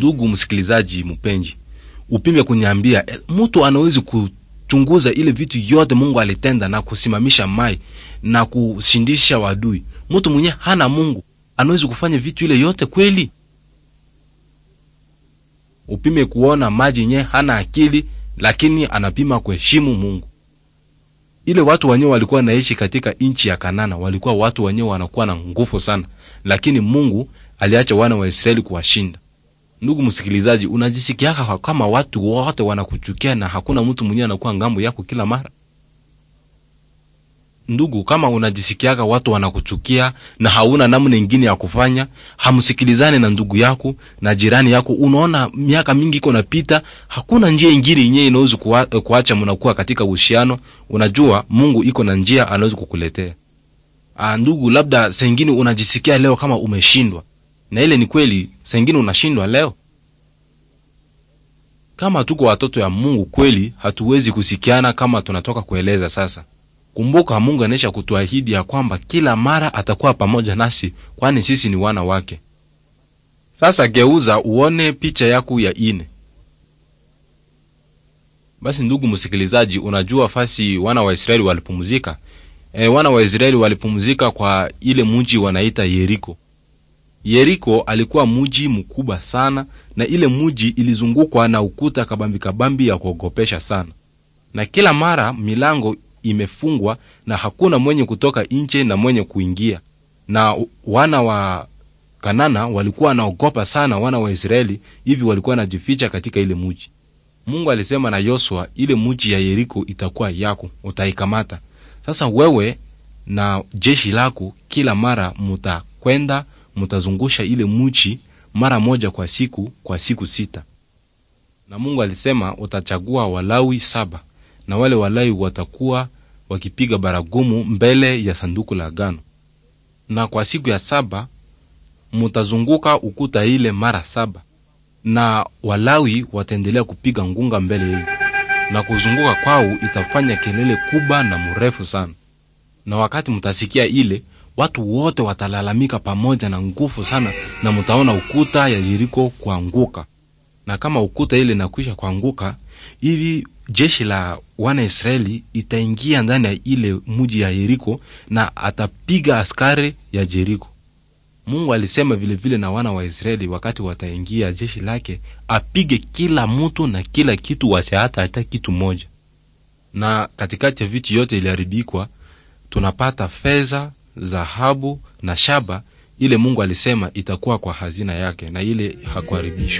Ndugu msikilizaji mpenzi, upime kuniambia eh, mtu anawezi kuchunguza ile vitu yote Mungu alitenda na kusimamisha mai na kushindisha wadui. Mtu mwenye hana Mungu anawezi kufanya vitu ile yote kweli? Upime kuona maji nye hana akili, lakini anapima kuheshimu Mungu. Ile watu wenyewe walikuwa naishi katika nchi ya Kanana, walikuwa watu wenyewe wanakuwa na nguvu sana, lakini Mungu aliacha wana wa Israeli kuwashinda. Ndugu msikilizaji, unajisikiaka kama watu wote wanakuchukia na hakuna mtu mwenyewe anakuwa ngambo yako kila mara? Ndugu, kama unajisikiaka watu wanakuchukia na hauna namna nyingine ya kufanya, hamsikilizane na ndugu yako na jirani yako. Unaona miaka mingi iko napita, hakuna njia nyingine yenyewe inaweza kuwa, kuacha mnakuwa katika uhusiano. Unajua Mungu iko na njia anaweza kukuletea. Ah, ndugu, labda sengine unajisikia leo kama umeshindwa, na ile ni kweli, sengine unashindwa leo, kama tuko watoto ya Mungu kweli, hatuwezi kusikiana kama tunatoka kueleza sasa. Kumbuka, Mungu anaisha kutuahidi ya kwamba kila mara atakuwa pamoja nasi, kwani sisi ni wana wake. Sasa geuza uone picha yaku ya ine. Basi ndugu msikilizaji, unajua fasi wana wa Israeli walipumzika? E, wana wa Israeli walipumzika kwa ile mji wanaita Yeriko. Yeriko alikuwa muji mkubwa sana, na ile muji ilizungukwa na ukuta kabambi kabambi ya kuogopesha sana, na kila mara milango imefungwa na hakuna mwenye kutoka nje na mwenye kuingia. Na wana wa Kanana walikuwa wanaogopa sana wana wa Israeli, hivi walikuwa wanajificha katika ile muji. Mungu alisema na Yosua, ile muji ya Yeriko itakuwa yako, utaikamata. Sasa wewe na jeshi lako kila mara mutakwenda mutazungusha ile muchi mara moja kwa siku kwa siku sita. Na Mungu alisema utachagua Walawi saba, na wale Walawi watakuwa wakipiga baragumu mbele ya sanduku la agano, na kwa siku ya saba mutazunguka ukuta ile mara saba, na Walawi wataendelea kupiga ngunga mbele yenu, na kuzunguka kwao itafanya kelele kubwa na mrefu sana. Na wakati mutasikia ile watu wote watalalamika pamoja na nguvu sana, na mutaona ukuta ya jeriko kuanguka. Na kama ukuta ile inakwisha kuanguka hivi, jeshi la wana Israeli itaingia ndani ya ile mji ya Yeriko na atapiga askari ya Jeriko. Mungu alisema vilevile vile na wana wa Israeli wakati wataingia jeshi lake, apige kila mtu na kila kitu, wasiata hata kitu moja. Na katikati ya vitu yote iliharibikwa, tunapata fedha dhahabu na shaba ile Mungu alisema itakuwa kwa hazina yake na ile hakuharibishwa.